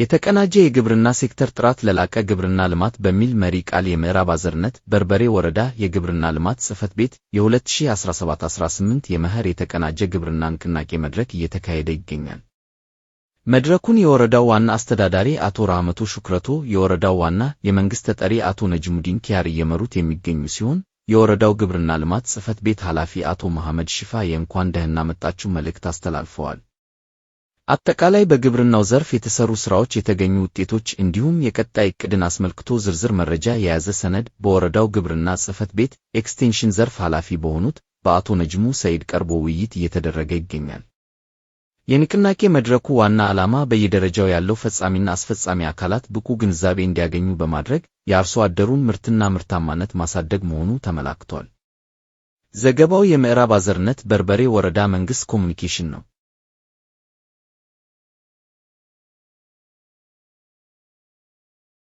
የተቀናጀ የግብርና ሴክተር ጥራት ለላቀ ግብርና ልማት በሚል መሪ ቃል የምዕራብ አዘርነት በርበሬ ወረዳ የግብርና ልማት ጽሕፈት ቤት የ2017-18 የመኸር የተቀናጀ ግብርና ንቅናቄ መድረክ እየተካሄደ ይገኛል። መድረኩን የወረዳው ዋና አስተዳዳሪ አቶ ራህመቶ ሹክረቶ፣ የወረዳው ዋና የመንግሥት ተጠሪ አቶ ነጅሙዲን ኪያር እየመሩት የሚገኙ ሲሆን የወረዳው ግብርና ልማት ጽሕፈት ቤት ኃላፊ አቶ መሐመድ ሽፋ የእንኳን ደህና መጣችሁ መልእክት አስተላልፈዋል። አጠቃላይ በግብርናው ዘርፍ የተሰሩ ሥራዎች፣ የተገኙ ውጤቶች እንዲሁም የቀጣይ እቅድን አስመልክቶ ዝርዝር መረጃ የያዘ ሰነድ በወረዳው ግብርና ጽሕፈት ቤት ኤክስቴንሽን ዘርፍ ኃላፊ በሆኑት በአቶ ነጅሙ ሰይድ ቀርቦ ውይይት እየተደረገ ይገኛል። የንቅናቄ መድረኩ ዋና ዓላማ በየደረጃው ያለው ፈጻሚና አስፈጻሚ አካላት ብቁ ግንዛቤ እንዲያገኙ በማድረግ የአርሶ አደሩን ምርትና ምርታማነት ማሳደግ መሆኑ ተመላክቷል። ዘገባው የምዕራብ አዘርነት በርበሬ ወረዳ መንግሥት ኮሚኒኬሽን ነው።